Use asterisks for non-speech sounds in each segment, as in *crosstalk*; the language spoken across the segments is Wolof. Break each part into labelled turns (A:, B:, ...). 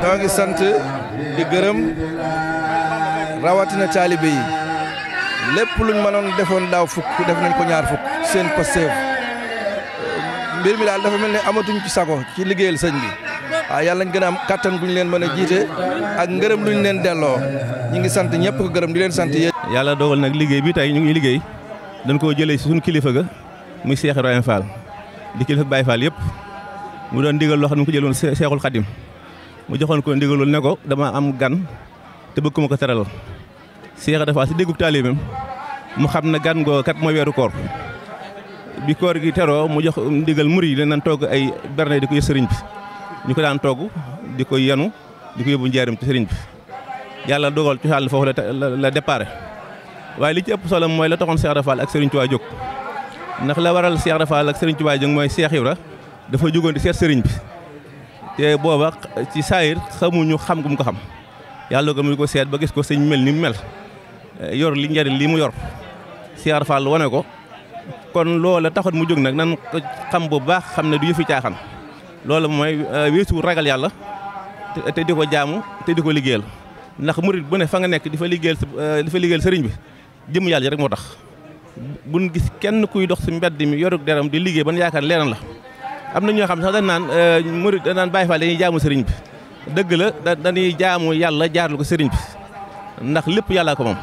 A: dama ngi sant di gërëm rawatina taalibe yi lépp luñ mënoon defoon daaw fukk def nañ ko ñaar fukk seen Pastef mbir mi daal dafa mel ni amatuñ ci sago ci liggéeyal sëñ bi waaw yàlla ñu gën a am kattan leen mën a jiite ak ngërëm luñ leen delloo ñu ngi sant ñëpp ko gërëm di leen sant yéen. yàlla dogal nag liggéey bi tey ñu ngi liggéey dañ koo jëlee si suñu kilifa ga muy Cheikh Ibrahima Fall di kilifa Baye Fall yëpp mu doon digal loo xam ne mu ko jëloon Cheikhul Khadim mu joxoon ko ndigalul ne ko dama am gan te bëgguma ko teral Cheikh dafa si déggug taalibeem mu xam ne gan goo kat mooy weeru koor bi koor gi teroo mu jox ndigal mur yi danañ toog ay berne di ko yës sëriñ bi ñu ko daan toog di ko yenu di ko yóbbu njaaram ci sëriñ bi yàlla dogal ci xàll foofu la la déparé waaye li ci ëpp solo mooy la toxoon Cheikh Rafal ak Serigne Touba jóg ndax la waral Cheikh Rafal ak Serigne Touba jóg mooy Cheikh Ibra dafa jógoon di seet sëriñ bi te booba ci saayir xamuñu xam gum ko xam yàlla ko mu ko seet ba gis ko sëñ mel ni mu mel yor li njariñ lii mu yor siyaar Fall wane ko kon loola taxoon mu jóg nag nan xam bu baax xam ne du yëfi caaxaan loola mooy euh, weesu ragal yàlla te di ko jaamu te di ko liggéeyal ndax murit bu ne fa nga nekk di fa liggéeyal euh, di fa liggéeyal sëriñ bi jëm yàlla ji rek moo tax buñ gis kenn kuy dox si mbedd mi yorug deram di liggéey ban yaakaar leneen la am na ñoo xam sax da naan murid dañ naan euh, Baay Faal dañuy jaamu sëriñ bi dëgg la da dañuy jaamu yàlla jaarlu ko sëriñ bi ndax lépp yàlla ko moom.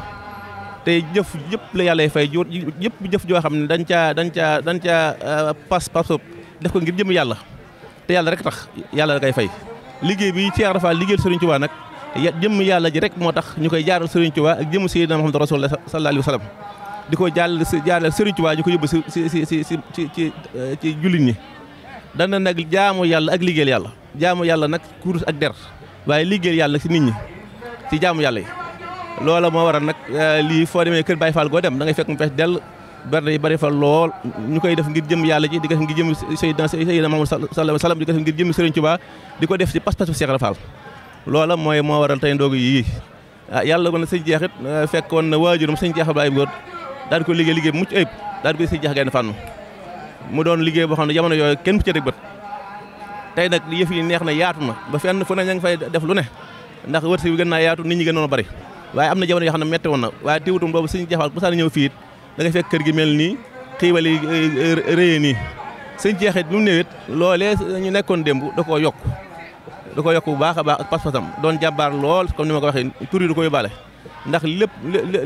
A: te jëf yëpp la yàlla fay ju yëpp jëf joo xam ne dañ caa dañ caa dañ caa euh, pas pas def ko ngir jëm yàlla te yàlla rek tax yàlla da koy fay. liggéey bi Cheikh Rafa liggéeyal Sëriñ Tuubaa nag jëm yàlla ji rek moo tax ñu koy jaaral Sëriñ Tuubaa ak jëm Sayyidina Muhammad Rasulullah sallallahu sa wa sallam di ko jàll jaarale Sëriñ Tuubaa ñu ko yóbbu si si si si ci euh, ci jullit ñi. dana nag jaamu yàlla ak liggéeyal yàlla jaamu yàlla nag kurus ak der waaye liggéeyal yàlla si nit ñi si jaamu yàlla yi loola moo waral nag eh, lii foo demee kër Baye Fall goo dem da ngay fekk mu fees dell bernde yi bari fa lool ñu koy def ngir jëm yàlla ji di ko def ngir jëm Seydina Seydina Muhammad sallallahu alayhi wasallam di ko def ngir jëm Serigne Touba di ko def si pas-pas Cheikh Ibra Fall loola mooy moo waral tey ndogu yii ah yàlla ko na fekk jeexit eh, fekkoon na waajuram sëñ jeex Ibrahima Ngor daal di ko liggéey liggéey mucc ayib daal di ko sëñ jeex mu doon liggéey boo xam ne jamono yooyu kenn bu ca teg bët tey nag yëf yi neex na yaatu na ba fen fu na ña ngi fay def lu ne ndax wërsëg bi gën naa yaatu nit ñi gën noonu bari waaye am na jamono yoo xam ne metti woon na waaye téewutum boobu sëñ jeexal bu saa ñëw fii it da ngay fekk kër gi mel nii xiiwal yi eh, eh, réye nii sëñ jeexit bi mu néewit loolee ñu nekkoon démb da koo yokk da koo yokk bu baax a baax ak pas-pasam doon jàmbaar lool comme ni ma ko waxee tur yi du ko ndax lépp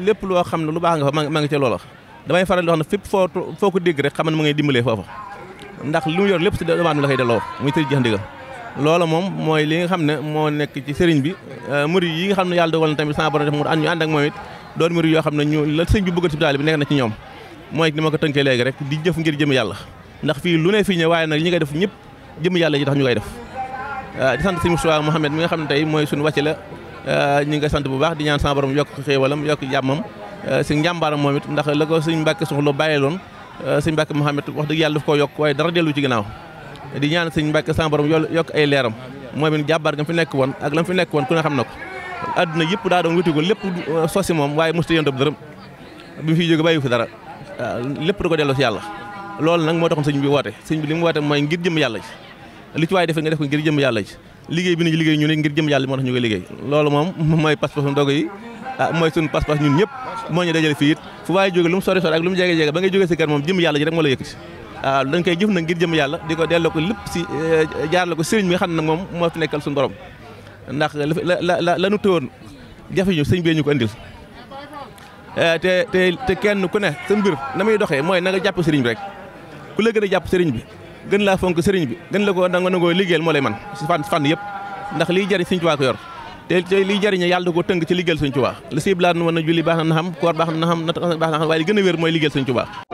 A: lépp loo xam ne lu baax nga fa ma ngi ca loola damay faral di wax fépp foo foo ko dégg rek xam ne mu ngay dimbalee foofa ndax lu mu yor lépp si doomu la koy loo muy tëj jeex ndigal loola moom mooy li nga xam ne moo nekk ci sëriñ bi euh, murid yi nga xam ne yàlla dogal na tamit sama borom def mu ànd ñu ànd ak moom it doon murid yoo xam ne ñu la sëriñ bi bëgg ci taalibe bi nekk na ci ñoom mooy ni ma ko tënkee léegi rek di jëf ngir jëm yàlla ndax fii lu ne fii waaye nag ñi koy def ñëpp jëm yàlla ji tax ñu koy def euh, di sant sëriñ Moustapha Mouhamed mi nga xam ne tey mooy suñu wàcc la euh, ñu sant bu baax di ñaan sama borom yokk xéewalam yokk jàmmam Euh, si njàmbaaram moom it ndax la ko sëñ Mbàkke soxla bàyyiloon euh, sëñ Mbàkke Mouhamed wax dëgg yàlla daf koo yokk waaye dara dellu ci ginnaaw di ñaan sëñ Mbàkke sama borom yokk ay leeram moom it jàmbaar ga fi nekk woon ak la fi nekk woon ku ne xam na ko adduna yëpp daa doon wutigu lépp euh, sosi moom waaye mosta yéen dab dërëm bi mu fiy jóge bàyyi fi dara lépp da ko delloo si yàlla loolu nag moo taxoon sëñ bi woote sëñ bi li mu woote mooy ngir jëm yàlla ji li ci waaye defee nga def ko ngir yàlla ji liggéey bi nañu liggéey ñu ne ngir jëm yàlla moo *laughs* Ah, mooy suñu pas-pas ñun ñëpp moo ñu dajale fii it fu waaye jóge lu mu sori sori ak lu mu jege jege ba ngay jógee si kër moom jëm yàlla ji rek moo la yëkkati waaw ah, dañ koy jëf nag ngir jëm yàlla di ko delloo ko lépp si eh, ko sëriñ bi nga xam ne nag moom moo fi nekkal suñu borom ndax la la la nu tëwoon jafe ñu sëñ bee ñu ko andil eh, te te te kenn ku ne sa mbir na muy doxee mooy nag jàpp sëriñ bi rek ku la gën a jàpp sëriñ bi gën laa fonk sëriñ bi gën la ko nangoo nangoo liggéeyal moo lay man si fànn fànn yëpp ndax liy jariñ sëriñ Tuubaa ko yor te tey liy jëriñe yàlla da ko tënk ci liggéeyal Sëñ Tuubaa la siy blaat nu a julli baax na na xam koor baax na na xam natt baax na xam waaye li gën a wér mooy liggéeyal Sëñ Tuubaa